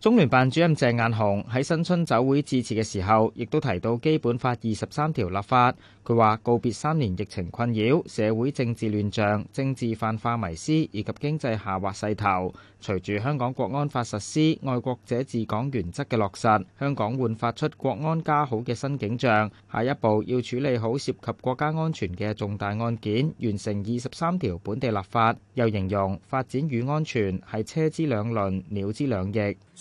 中聯辦主任鄭雁雄喺新春酒會致辭嘅時候，亦都提到《基本法》二十三條立法。佢話告別三年疫情困擾、社會政治亂象、政治泛化迷思以及經濟下滑勢頭，隨住香港國安法實施、愛國者治港原則嘅落實，香港煥發出國安家好嘅新景象。下一步要處理好涉及國家安全嘅重大案件，完成二十三條本地立法。又形容發展與安全係車之兩輪、鳥之兩翼。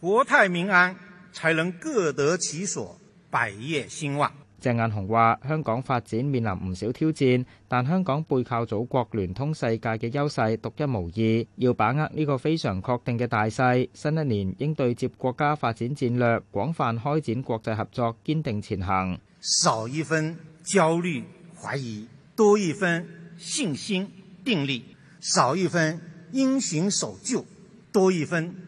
國泰民安，才能各得其所，百業興旺。鄭雁雄話：香港發展面臨唔少挑戰，但香港背靠祖國、聯通世界嘅優勢獨一無二。要把握呢個非常確定嘅大勢，新一年應對接國家發展戰略，廣泛開展國際合作，堅定前行。少一分焦慮懷疑，多一分信心定力；少一分因循守舊，多一分。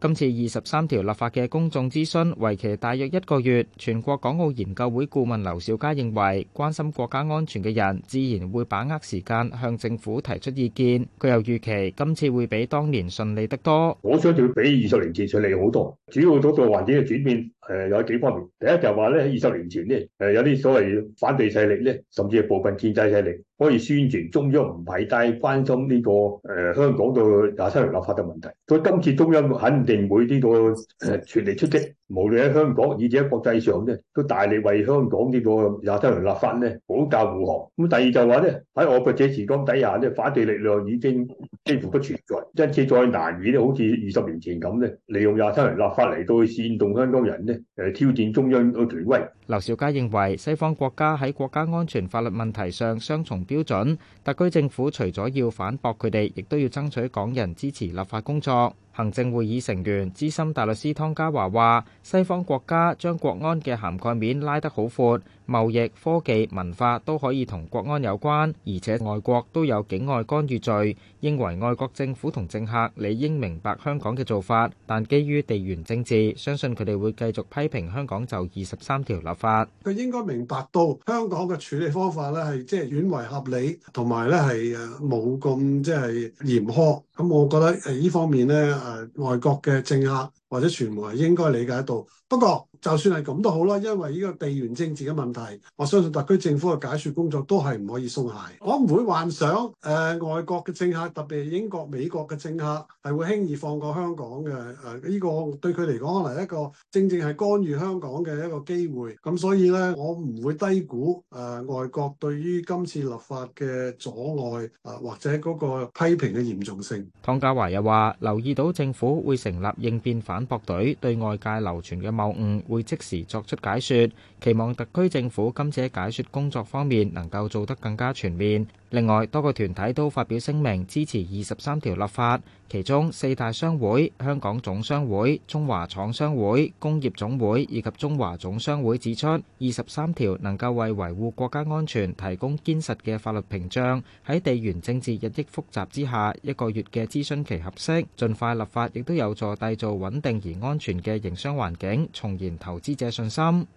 今次二十三條立法嘅公眾諮詢，為期大約一個月。全國港澳研究會顧問劉兆佳認為，關心國家安全嘅人自然會把握時間向政府提出意見。佢又預期今次會比當年順利得多。我想就會比二十年前順利好多，主要嗰個環境嘅轉變。誒有幾方面，第一就係話咧，喺二十年前咧，誒有啲所謂反對勢力咧，甚至係部分建制勢力可以宣傳中央唔係太關心呢個誒、呃、香港嘅廿三條立法嘅問題，所以今次中央肯定會呢個誒、呃、全力出擊。無論喺香港，以至喺國際上都大力為香港呢個二十三條立法呢，保駕護航。咁第二就話呢，喺我嘅這時光底下呢，反對力量已經幾乎不存在，因此，再難以好似二十年前咁呢，利用二十三條立法嚟到煽動香港人呢誒挑戰中央嘅權威。劉兆佳認為，西方國家喺國家安全法律問題上雙重標準，特區政府除咗要反駁佢哋，亦都要爭取港人支持立法工作。行政會議成員資深大律師湯家驊話：西方國家將國安嘅涵蓋面拉得好闊，貿易、科技、文化都可以同國安有關，而且外國都有境外干預罪。認為外國政府同政客理應明白香港嘅做法，但基於地緣政治，相信佢哋會繼續批評香港就二十三條立法。佢應該明白到香港嘅處理方法呢係即係遠為合理，同埋呢係誒冇咁即係嚴苛。咁我覺得誒呢方面呢。誒、呃、外國嘅政客或者傳媒係應該理解得到，不過。就算係咁都好啦，因為呢個地緣政治嘅問題，我相信特區政府嘅解說工作都係唔可以鬆懈。我唔會幻想，誒外國嘅政客，特別英國、美國嘅政客，係會輕易放過香港嘅。誒呢個對佢嚟講，可能一個正正係干預香港嘅一個機會。咁所以咧，我唔會低估誒外國對於今次立法嘅阻礙，或者嗰個批評嘅嚴重性。湯家驊又話：留意到政府會成立應變反駁隊，對外界流傳嘅謬誤。會即時作出解說，期望特區政府今次喺解說工作方面能夠做得更加全面。另外，多個團體都發表聲明支持《二十三條》立法，其中四大商會、香港總商會、中華廠商會、工業總會以及中華總商會指出，《二十三條》能夠為維護國家安全提供堅實嘅法律屏障。喺地緣政治日益複雜之下，一個月嘅諮詢期合適，盡快立法亦都有助締造穩定而安全嘅營商環境，重燃投資者信心。